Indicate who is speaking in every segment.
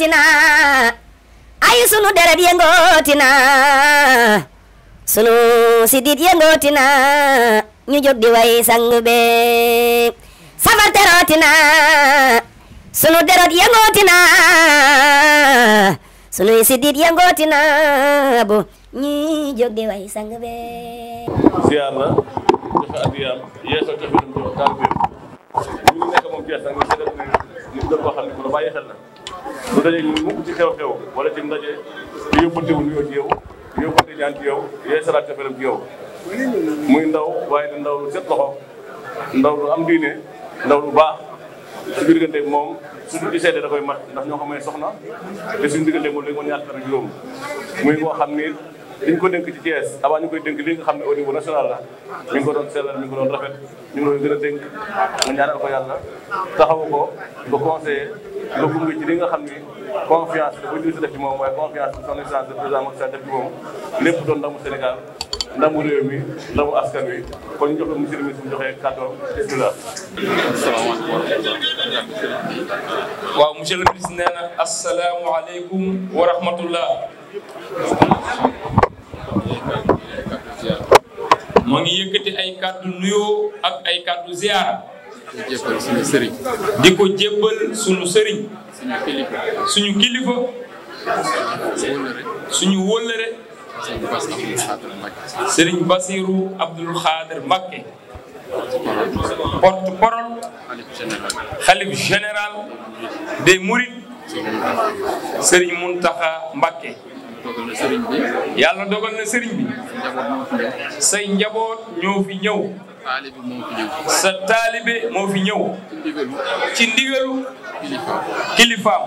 Speaker 1: yëngootina ay sunu deret yëngootina sunu sidit yëngootina sunu deret yëngootina sunu sidit yëngootina bu ñu jóg di way sang be ziar la dafa addiyaam yeesoo jox ko taal bi ñu nekk moom jeex na nga seetal ne nit doon boo xam ne lu daje mukk ci xew-xew wala ci ndaje di yóbbante wu nuyoo ci yow di ñaan ci yow yee salaat jafaram muy ndaw waaye di ndaw lu set loxo ndaw lu am diine ndaw lu baax suñu diggante moom suñu di seede da koy mat ndax ñoo ko ne soxna te suñu diggante moom léegi woon ñaar ak juróom muy koo xam ni dañ ko dénk ci Thiès avant ñu koy dénk li nga xam ne au niveau national ñu ko doon sellal ñu ngi ko doon rafet ñu ngi doon gën a nga ñaanal ko yàlla taxawu ko nga conseillé logum nga li nga xam ni confiance dafa li si def ci moom waaye confiance son excellence de président Macky Sall moom lépp doon ndamu Sénégal ndamu réew mi ndamu askan wi kon ñu le ministre mu joxe kàddoom bismillah asalaamaaleykum wa rahmatullah waaw monsieur le
Speaker 2: ministre nee na asalaamualeykum moo ngi yëkkati ay kàddu nuyoo ak ay kàddu ziyaara di jébbal suñu ko jébbal suñu sëriñ. suñu kilifa. suñu kilifa. suñu wóllëre. sëriñ Basiru Abdul Xaadir Mbakke. porte parole. xalif général. des Mourides. sëriñ Muntaxa Mbakke. yàlla dogal na sëriñ bi. say njaboot ñoo fi ñëw. taalibe moo sa taalibe moo fi ñëw. ci ndigalu. kilifaam.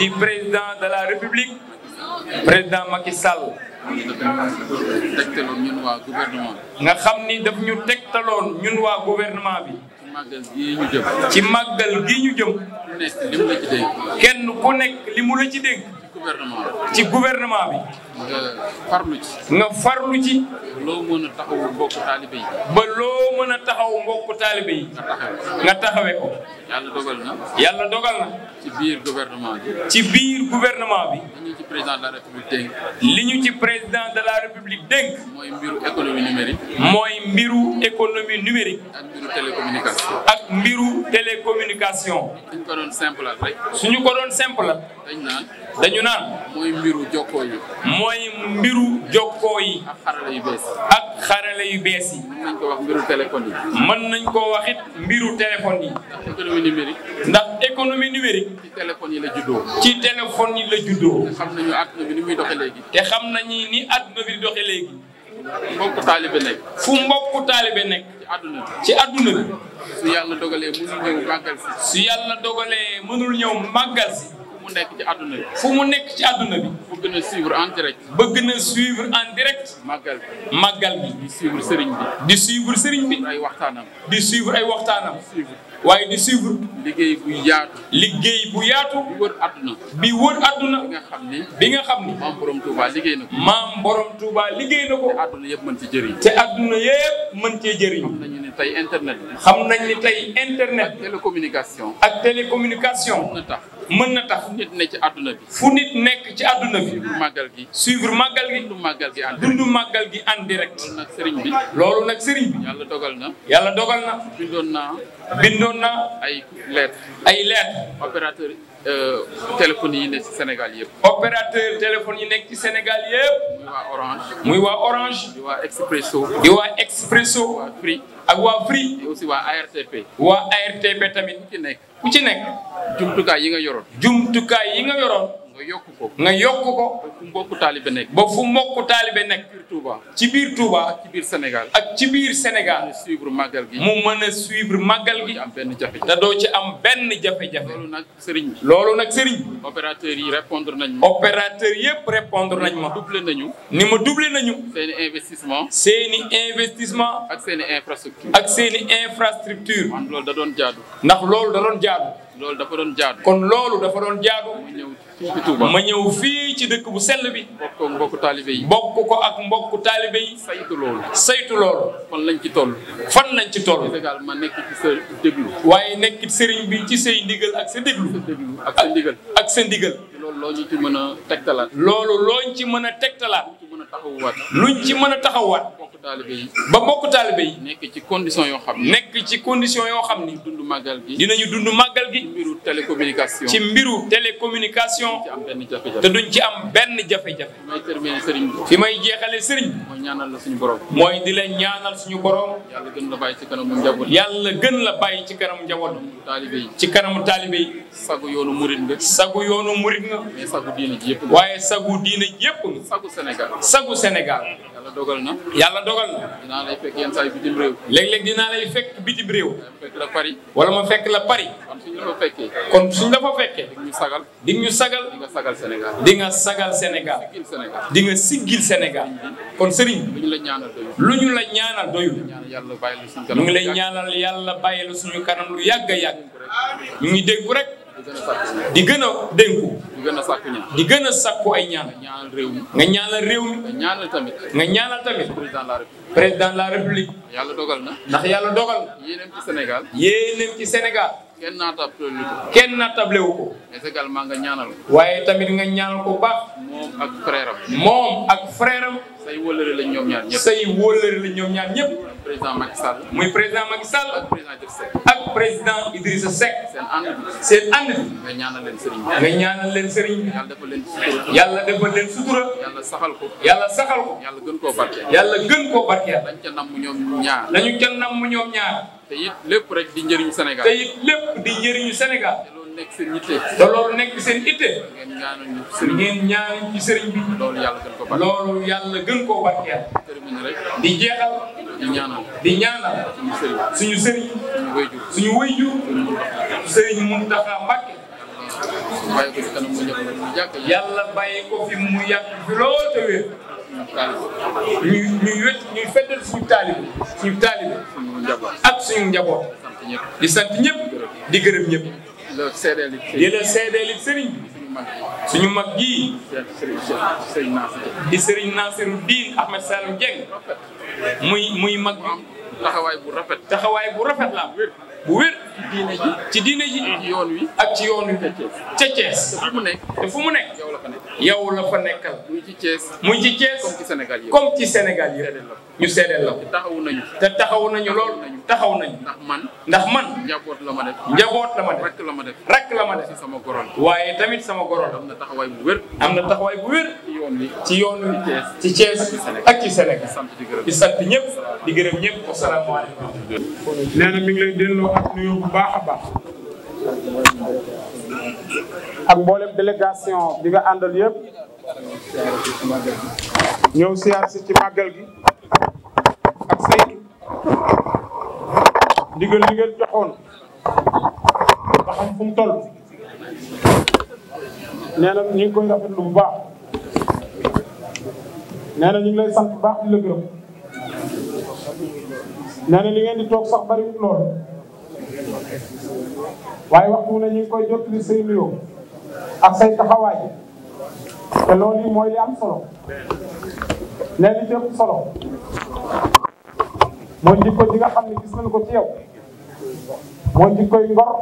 Speaker 2: di président de la république. président Macky Sall. nga xam ni daf ñu tegtaloon ñun waa gouvernement bi. ci màggal gii ñu jëm. ñu jëm. kenn ku nekk li ci dénk. ci gouvernement bi. nga farlu ci. loo mën a taxawu mbokku taalibe yi. ba loo mën a taxawu mbokku taalibe yi. nga taxawee ko. yàlla dogal na. yàlla dogal na. ci biir gouvernement bi. ci biir gouvernement bi. li ñu ci président de la république dénk. li ñu ci président de la république dénk. mooy mbiru économie numérique. mooy mbiru économie numérique. ak mbiru télécommunication. ak mbiru télécommunication. suñu ko doon simple rek. suñu ko doon simple. dañu naan. mooy mbiru jokkoo yi. mooy mbiru jokkoo yi. ak xarala yu bees yi. ak xarala yu bees yi. mën nañ ko wax mbiru téléphone yi. mën nañ koo wax it mbiru téléphone yi. ndax économie numérique. ndax économie numérique. ci yi la juddoo. ci téléphone yi la juddoo. te xam nañu àdduna ni muy doxee léegi. te xam nañu ni àdduna bi di doxee léegi. fu mbokku taalibe nekk. fu mbokku taalibe nekk. ci àdduna bi ci àdduna su yàlla dogalee mënul ñëw màggal si. su yàlla dogalee mënul ñëw màggal si. nekk ci àdduna bi. fu mu nekk ci àdduna bi. bëgg na suivre en direct. bëgg na suivre en direct. màggal bi màggal bi. di suivre sëriñ bi. di suivre sëriñ bi. ay waxtaanam. di suivre ay waxtaanam. waaye di suivre. liggéey bu yaatu. liggéey bu yaatu. wër àdduna. bi wër àdduna. bi nga xam ni. bi nga xam ni. maam borom Touba liggéey na ko. maam borom Touba liggéey na ko. te àdduna yëpp mën ci jëriñ. te adduna yëpp mën cee jëriñ. xam nañu ni tey internet. xam nañu ni tey internet. ak télécommunication. ak télécommunication. mën na tax. fu nit ne ci àdduna bi. fu nit nekk ci àdduna bi. màggal gi. suivre màggal gi. dundu màggal gi en direct. màggal gi en direct. loolu nag sëriñ bi. loolu nag sëriñ bi. yàlla dogal na. yàlla dogal na. bindoon naa. bindoon naa. ay lettres. ay lettres. opérateur euh, téléphone yi nekk ci Sénégal yëpp. opérateur téléphone yi nekk ci Sénégal yëpp. muy waa Orange. muy waa Orange. di waa Expresso. di waa Expresso. waa Free. ak waa Free. et waa ARTP. waa ARTP tamit ku ci nekk. ku ci nekk. jumtukaay yi nga yoroon. jumtukaay yi nga yoroon. nga yokku ko nga yokk ko. ba fu mbokku taalibe nekk. ba fu mbokku taalibe nekk. ci biir Touba. ci biir Touba ak ci biir Sénégal. ak ci biir Sénégal. mu suivre màggal gi. mën a suivre màggal gi. am benn jafe-jafe doo ci am benn jafe loolu nag Serigne. loolu nag Serigne. opérateur yi répondre nañu. opérateur yëpp répondre nañ ma. doublé nañu. ni ma doublé nañu. seen investissement. seeni i investissement. ak seen i infrastructure. ak seen i infrastructure. man loolu da doon jaadu. ndax loolu da doon jaadu. loolu dafa doon jaadu. kon loolu dafa doon jaadu. ma ñëw fii ci ma ñëw fii ci dëkk bu sell bi. bokk ko mbokku taalibe yi. bokk ko ak mbokku taalibe yi. saytu loolu. saytu loolu. fan lañ ci toll. fan lañ ci toll. Sénégal ma nekk ci sa déglu. waaye nekk sëriñ bi ci say ndigal ak sa déglu. ak sa ndigal ak sa ndigal. loolu loo ñu ci mën a tegtalaat. loolu loo ci mën a tegtalaat. taxawuwaat luñ ci mën a taxawaat mbokk taalibe yi ba bokk taalibe yi. nekk ci condition yoo xam ne. nekk ci condition yoo xam ni. dund màggal gi dinañu dund màggal gi. ci mbiru télécommunication. ci mbiru télécommunication. te duñ ci am benn jafe-jafe. fi may terminer sëriñ bi. fi may jeexalee sëriñ. mooy ñaanal suñu borom. mooy di la ñaanal suñu borom. yàlla gën la bàyyi ci kanamu njaboot. yàlla gën la bàyyi ci kanamu njaboot. taalibe yi ci kanamu taalibe yi. sagu yoonu murit nga. sagu yoonu murit nga. mais sagu diine ji yëpp. waaye sagu diine yëpp. sagu sagu Sénégal. yàlla dogal na. yàlla dogal na. dinaa lay fekk yenn saa yi bitim réew. léeg-léeg dinaa lay fekk bitim réew. fekk wala ma fekk la Paris. kon fekkee. kon suñ la fa fekkee. di ñu sagal. di ñu sagal. di nga sagal Sénégal. di nga sagal Sénégal. di nga siggil Sénégal. kon sëriñ. lu ñu la ñaanal doyul. lu ñu la ñaanal doyul. ngi lay ñaanal yàlla bàyyi la suñu kanam lu yàgg a yàgg. mu ngi dénku rek. di gën dénku di gën a sàkku ñaan di gën a sàkku ay ñaan ñaanal réew mi nga ñaanal réew mi nga ñaanal tamit nga ñaanal tamit président de la république président de la dogal na ndax yàlla dogal na yéeneem ci Sénégal yéeneem ci Sénégal kenn naatable wu ko kenn naatable wu ko mais également nga ñaanal ko waaye tamit nga ñaan ko baax moom ak frère am moom ak frère am say wëlëre la ñoom ñaar ñëpp say wëlëre la ñoom ñaar ñëpp président Macky Sall. muy président Macky Sall. ak président Idrissa Seck. ak président Idrissa Seck. seen ànd bi. seen ànd bi. nga ñaanal leen sëriñ bi. nga ñaanal leen sëriñ bi. yàlla defal leen sutura. yàlla defal leen sutura. yàlla saxal ko. yàlla saxal ko. yàlla gën koo barkeel. yàlla gën koo barkeel. dañ ca namm ñoom ñaar. dañu ca namm ñoom ñaar. te it lépp rek di njëriñu Sénégal. te it lépp di njëriñu Sénégal. nekk seen yitte. loolu nekk seen yitte. ngeen ñaanal ñu sëriñ ngeen ñaanal ci sëriñ loolu yàlla gën ko barkeel loolu yàlla di jeexal. di ñaanal di ñaanal. suñu sëriñ. suñu wayjur suñu wayjur. sëriñ Mountakha Mbacké. bàyyi ko fi kanam mu yàgg mu yàgg. yàlla bàyyi ko fi mu yàgg fi lool te wér. ñuy ñuy wét ñuy feddal suñu taalibe suñu taalibe di sant ñëpp di gërëm ñëpp. la seedeel it. di la seedeel it sëriñ bi. suñu mag gii. sëriñ Nasir. di sëriñ Nasiru Diin Ahmed Salim Dieng. muy muy mag bi. taxawaay bu rafet. taxawaay bu rafet la am. bu wér. ci diine ji ci diine ji. ci yoon wi ak ci yoon wi. ca Thiès te fu mu nekk te fu mu nekk. yow la fa nekkal yow la fa nekkal. muy ci Thiès. muy ci Thiès comme ci Sénégal yëpp comme ci Sénégal yëpp ñu seedeel la ko. te taxawu nañu. te taxawu nañu lool taxaw nañu. man ndax man. njaboot la ma def. njaboot la ma def ma rakk la ma def sama goro waaye tamit sama goro la. na taxawaay bu wér. am na taxawaay bu wér. ci yoon wi ci yoon wi.
Speaker 1: ci Thiès ak ci Sénégal. di sant ñëpp di gërëm ñëpp. asalaamaaleykum. nee na mi lay delloo ko ak nuyu baax a baax. ak mboolem délégation bi nga àndal yëpp. ñëw siyaar ci màggal gi. ak saytu. ndigal li ngeen joxoon. ba xam fu mu toll. nee na ñu ngi koy bu baax. nee na ñu ngi lay sant baax di la gërëm. nee li ngeen di toog sax bariwul lool. waaye waxtu ne ñu ngi koy jottali say nuyoo ak say taxawaay te lool yi mooy li am solo ne li jëm solo mooy jikko ji nga xam ne gis nañ ko ci yow mooy jikkoy ngor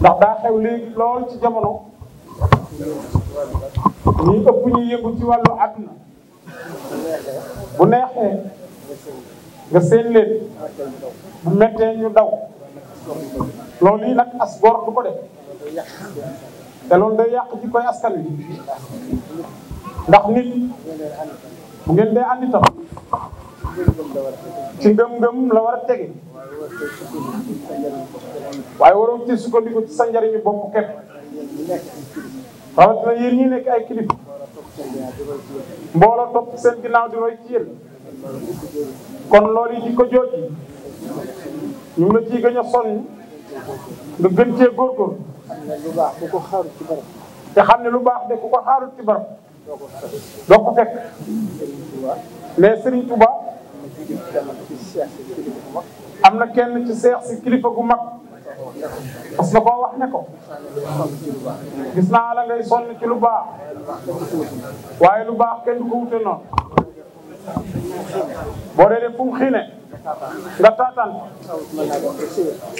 Speaker 1: ndax daa xew léegi lool ci jamono ñi ëpp ñu yëngu ci wàllu àdduna bu neexee nga seen leen bu mettee ñu daw loolu yi nag as gor du ko def te loolu day yàq ci koy askan ndax nit bu ngeen dee ànd itam ci ngëm-ngëm la war a tege waaye waroon ci sukkandiku ci sa njariñu bopp képp
Speaker 2: rawatina yéen ñi nekk ay kilifa mbooloo
Speaker 1: topp seen ginnaaw di roy ci yéen kon lool yi di ko jooji ñu ngi la ciy gën nga gën cee góorgóorlu. xam baax ku te xam ne lu baax de ku ko xaarut ci barab. doo ko fekk. mais Serigne Touba. am na kenn ci seex si kilifa gu mag. parce que koo wax ne ko. gis naa la ngay sonn ci lu baax. waaye lu baax kenn du ko wute noonu. boo dee fu mu xiine nga taataan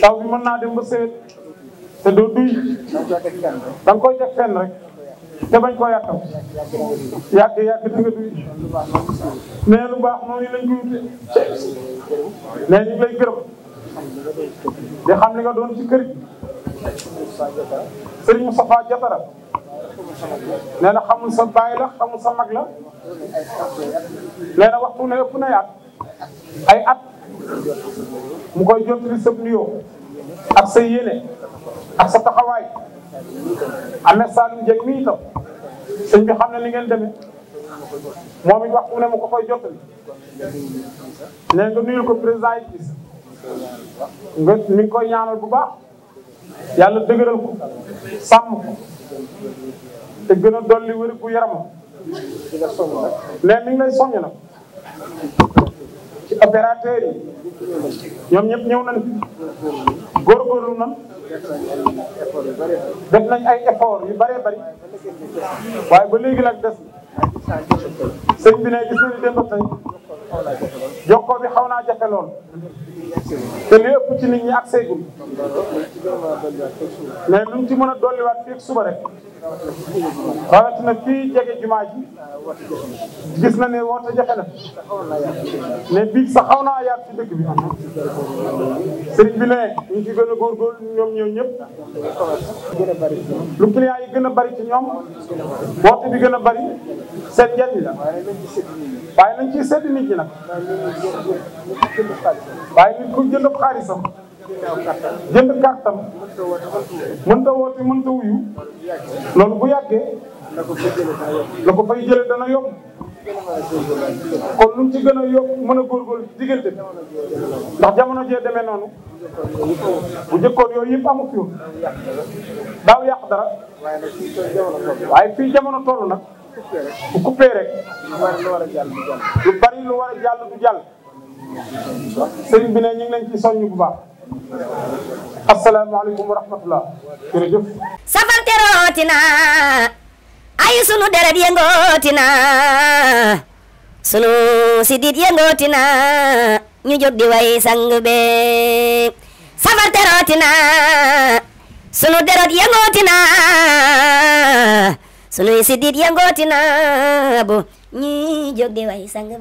Speaker 1: taw bi mën naa dem ba séet te duy da koy def rek te bañ koo yàqal yàgg yàgg di nga duy nee lu baax noonu lañ koy wute nee ñu ngi doon ci kër gi Serigne Moustapha nee na xamul sa baay la xamul sa mag la nee na waxtu ne ëpp na yaat ay at mu koy jottali sëb nuyoo ak sa yéene ak sa taxawaay amee Saalum Dieng mi itam sëñ bi xam ne ni ngeen demee moom it waxtu ne mu ko koy jottali nee nga nuyul ko président yi gis nga ni koy ñaanal bu baax yàlla dëgëral ko sàmm ko. te gën a dolli wér gu yaramam mais mi ngi lay soññ nag ci opérateur yi ñoom ñëpp ñëw góor nañ góorgóorlu nañ def nañ ay effort yu bëree bëri waaye ba léegi nag des sëñ bi ne gis nañu démb tey jokkoo bi xaw naa jafe lool te li ëpp ci nit ñi ak seegul mais luñ ci mën a dolliwaat fii ak suba rek rawatina fii jege jumaa ji gis na ne woote jafe na ne bii sax xaw naa yaat ci dëkk bi sëriñ bi ne ñu ci gën a góorgóorlu ñoom ñëw ñëpp lu client yi gën a bari ci ñoom woote bi gën a bari set njariñ la waaye nañ ci sedd nit ñi nag waaye nit ku jënd xaalisam jënd kàttan mënta woote mënta wuyu loolu bu yàggee la ko fay jële dana yomb kon lu ci gën a yokk mën a góorgóorlu ci diggante bi ndax jamono jee demee noonu bu jëkkoon yooyu yëpp amu fi woon daaw yàq dara waaye fii jamono toll nag bu coupé rek lu bari lu war a jàll du jàll sëriñ bi ne ñu ngi leen ci soññ bu baax asalaamaaleykum wa rahmatulah. jërëjëf. safar terooti na ay sunu deret yëngooti na sunu sidit yëngooti na ñu jóg di way sang safar terooti sunu deret yëngooti na sunu sidit yëngooti na bu ñu jóg di way sang